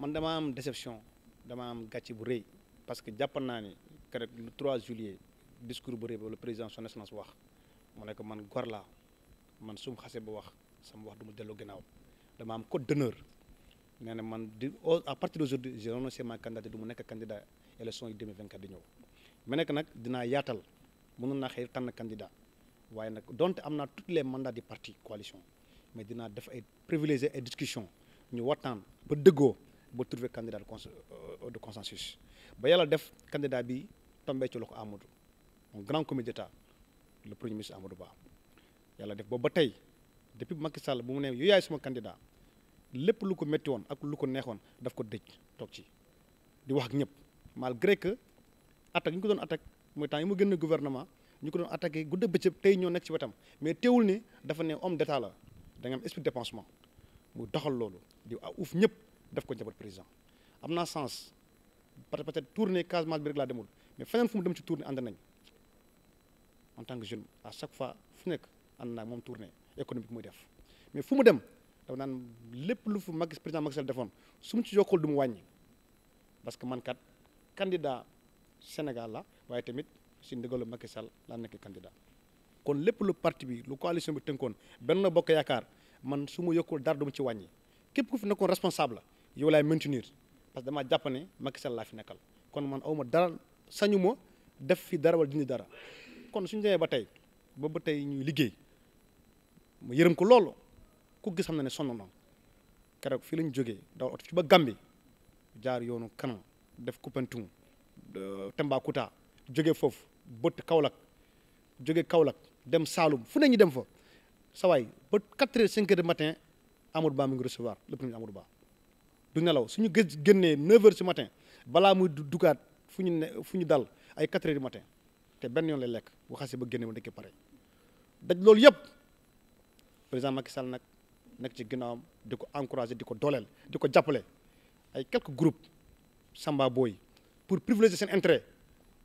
man dama am déception dama am gàcce bu rëy parce que jàpp naa ni keroog le 3 juillet discours bu rëy ba le président son excellence wax mu nekk ko man gor laa man sum xase ba wax sama wax du mu delloo ginnaaw dama am code d'honneur nee man di à partir d'aujourd'hui j'ai renoncé ma candidature du mu nekk candidat élection yi 2024 di ñëw mais nekk nag dinaa yaatal mënoon naa xëy tànn candidat waaye nag donte am naa toutes les mandats du parti coalition mais dinaa def ay privilégié ay discussion ñu waxtaan ba dëggoo ba trouver candidat de euh, consensus ba yàlla def candidat bi tombee ci loxo Amadou mon grand comité d'état le premier ministre Amadou baax yàlla def boobu ba tey depuis Macky Sall bu mu ne yow yaay suma candidat lépp lu ko métti woon ak lu ko neexoon daf ko dëj toog ci di wax ak ñëpp malgré que attaque ñu ko doon attaque mooy temps yi mu génn gouvernement ñu ko doon attaqué gudde bëccëg tey ñoo nekk ci wetam mais teewul ne dafa ne homme d'état la da nga am esprit de dépensement mu doxal loolu di uuf ñëpp def ko njaboot président am naa sens parce que peut être tournée Casamance bi rek laa demul mais feneen fu mu dem ci tournée ànd nañ en tant que jeune à chaque fois fu nekk ànd naa moom tournée économique muy def mais fu mu dem dafa naan lépp lu fu Macky président Macky Sall defoon su mu ci yokkul du mu wàññi parce que man kat waaye tamit. si ndigalu Macky Sall laa nekk candidat kon lépp lu parti bi lu coalition bi tënkoon benn bokk yaakaar man su ma yokkul dara du ci wàññi képp ku fi nekkoon responsable la yow laay maintenir parce que damaa jàpp ne Macky laa fi nekkal kon man awma dara sañu ma def fi dara wala dindi dara kon suñ demee ba tey ba ba tey ñuy liggéey mu yërëm ko loolu ku gis xam na ne sonn na keroog fii la ñu jógee dawal oto ci ba Gàmbi jaar yoonu kanam def Koupentoum euh, Tambacounda jógee foofu bët Kaolack jóge Kaolack dem Saalum fu ne ñu dem fa sa waay ba 4 heures matin Amadou Ba mu ngi recevoir le premier Amadou Ba du nelaw suñu gëj génnee 9 heures ci matin balaa muy dugaat fu ñu ne fu ñu dal ay 4 heures matin te benn yoon lay lekk bu xasee ba génne ba dëkk pare daj loolu yëpp président Macky Sall nag nekk ci ginnaawam di ko encouragé di ko dooleel di ko jàppale ay quelques groupes samba booy pour privilégier seen intérêt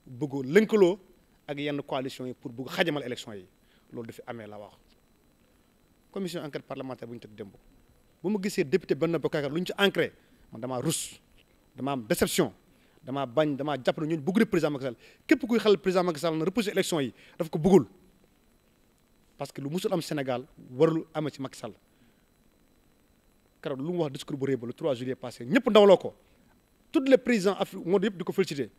bëgg lënkaloo ak yenn coalition yi pour bugg xajamal élection yi loolu dafi amee la wax commission enquête parlementaire bu ñu teg démb bu ma gisee député na Bokk Yaakaar lu ñu ci ancré man damaa rus damaa am déception damaa bañ damaa jàpp ñu ñun bëggul président Macky Sall képp kuy xel président Macky Sall na repousser élection yi daf ko bëggul parce que lu musul am Sénégal warul amee ci Macky Sall lu mu wax discours bu réew ba le 3 juillet passé ñëpp ndawloo ko tous les yëpp di ko félicité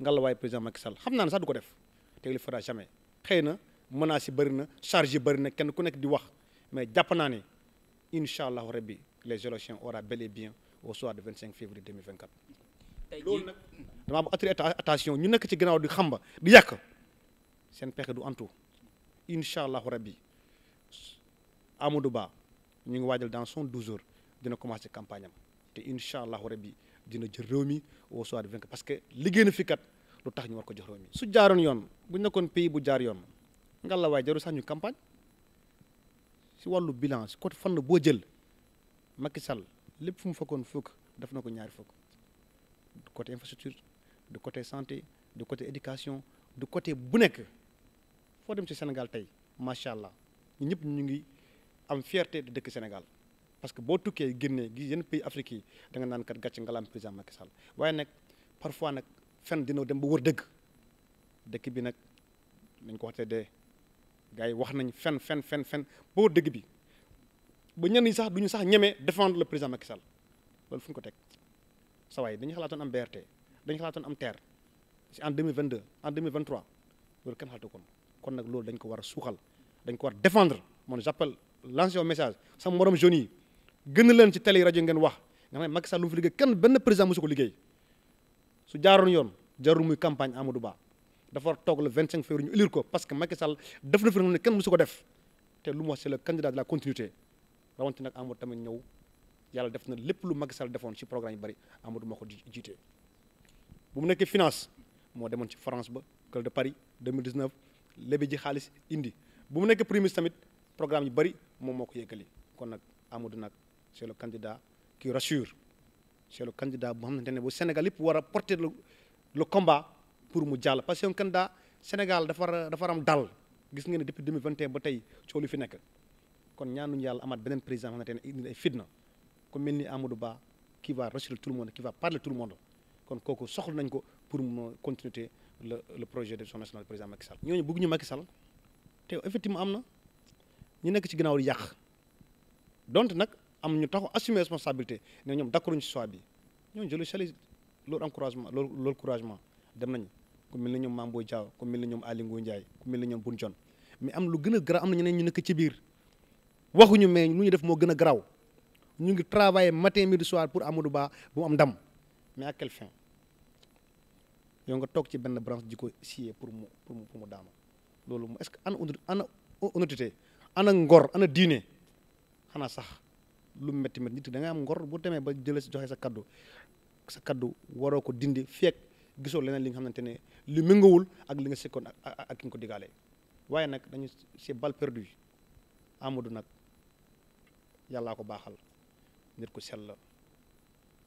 ngallaawaay président Macky Sall xam naan ne du ko def te il fera jamais xëy na menaces yi bëri na charge bëri na kenn ku nekk di wax mais jàpp naa ne incha allahu rabbi les élections aura bel bien au soir du 25 février 2024. tey jii loolu nag damaa bu attiré attention ñu nekk ci gannaaw di xamba di yàq seen pexe du antu incha allahu rabbi Amadou Ba ñu ngi waajal dans son 12 heures dina commencer campagne am te incha allahu rabbi. dina jël réew mi au soir du parce que liggéey na fi kat lu tax ñu war ko jox réew mi su jaaroon yoon bu ñu nekkoon pays bu jaar yoon nga la waay jaru sax ñu campagne si wàllu bilance si fan fànn boo jël Macky Sall lépp fu mu fekkoon fukk def na ko ñaari fukk du côté infrastructure du côté santé du côté éducation du côté bu nekk foo dem ci Sénégal tey macha allah ñu ñëpp ñu ngi am fierté de dëkk Sénégal parce que boo tukkee génnee gi yenn pays Afrique yi da nga naan kat gàcce ngalaam président Macky Sall waaye nag parfois nag fen dina dem ba wër dëgg dëkk bi nag dañ ko waxtee dee gars yi wax nañ fen fen fen fen ba wër dëgg bi ba ñenn ñi sax du ñu sax ñeme défendre le président Macky Sall loolu fu ñu ko teg sa waay dañu xalaatoon am BRT dañu xalaatoon am TER si en 2022 en 2023 loolu kenn xalaatu kon kon nag loolu dañ ko war a suuxal dañ ko war a défendre man message sama morom jeunes yi gën leen ci télé rajo ngeen wax nga xam ne Macky Sall lu fi liggéey kenn benn président mosu ko liggéey su jaaroon yoon jarul muy campagne Amadou Ba dafa toog le 25 février ñu élire ko parce que Macky Sall def na fi ne kenn su ko def te lu mu wax c'est le candidat la continuité rawante nag Amadou tamit ñëw yàlla def na lépp lu Macky Sall defoon si programme yu bëri Amadou moo ko jiite. bu mu nekkee finance moo demoon ci France ba École de Paris 2019 lebi ji xaalis indi bu mu nekkee premier tamit programme yu bëri moom moo ko yëkkali kon nag Amadou nag. c'est le candidat qui rassure c'est le candidat boo xamante ne bu Sénégal yëpp war a porté la le combat pour mu jàll parce que un candidat Sénégal dafa war a dafa war dal gis ngeen ne depuis 2021 ba tey coow li fi nekk kon ñaanuñu yàlla amaat beneen président xamante ne indi ay fitna ku mel ni Amadou Ba qui va rassurer tout le monde qui va parler tout le monde kon kooku soxla nañ ko pour mu continuer le le projet de son national président Macky Sall ñooñu bëgg ñu Macky Sall te effectivement am na ñu nekk ci ginnaaw di yàq am ñu taxaw assumer responsabilité ne ñoom d'accord ñu ci choix bi ñoom je le salue loolu encouragement loolu loolu dem nañu ku mel ne ñoom Mame Boye Diao ñoom Aly Ngouille ku mel ne ñoom Boun Dionne mais am lu gën a am na ñeneen ñu nekk ci biir waxuñu mais lu ñu def moo gën a garaaw ñu ngi travailler matin midi soir pour Amadou Ba bu am ndam mais à quelle fin yow nga toog ci benn branche di ko scier pour mu pour mu pour mu daanu loolu est-ce que ana ana honnêteté ana ngor ana diine xanaa sax. lu metti métti nit ki da am ngor bu demee ba jëlee si joxe sa kaddu sa kaddu waroo ko dindi feek gisoo leneen li nga xamante ne li méngawul ak li nga sekkoon ak ki nga ko digaalee waaye nag dañu c'est balle perdue Amadou nag yàllaa ko baaxal nit ku sell la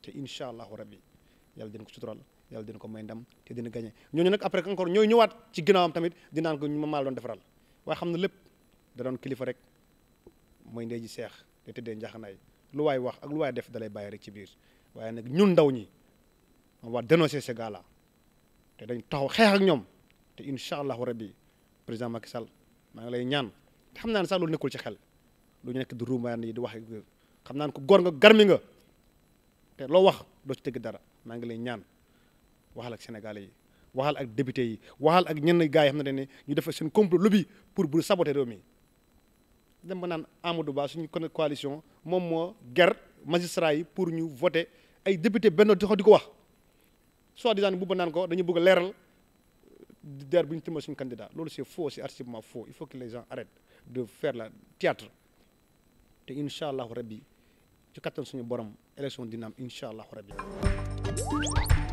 te incha allahu rabbi yàlla dina ko sutural yàlla dina ko may ndam te dina gagné ñooñu nag après encore ñooy ñëwaat ci am tamit dinaan ko ñu ma maa doon defaral waaye xam na lépp da kilifa rek mooy ndey ji seex di tëddee njaxanaay lu waay wax ak lu waay def dalay bàyyi rek ci biir waaye nag ñun ndaw ñi on va dénoncer ces gars te dañ taxaw xeex ak ñoom te incha allahu rabbi président Macky sal maa ngi lay ñaan te xam naa ne sax loolu nekkul ci xel lu ñu nekk di ruumaan yi di wax xam naa ko gor nga garmi nga te loo wax doo ci tëgg dara maa ngi lay ñaan waxal ak sénégal yi waxal ak député yi waxal ak ñenn gaa yi xam ne ne ñu def seen complot lobby pour bu saboter réew mi dem ba naan Amadou Ba suñu coalition moom moo ger magistrat yi pour ñu voter ay député benn di ko wax soit disant bu ba naan ko dañu bëgg leeral der bu ñu tëmba suñu candidat loolu c'est faux c'est artificiellement faux il faut que les gens arrêtent de faire la théâtre te incha allahu rabbi ci kattan suñu borom élection dina am incha allahu rabbi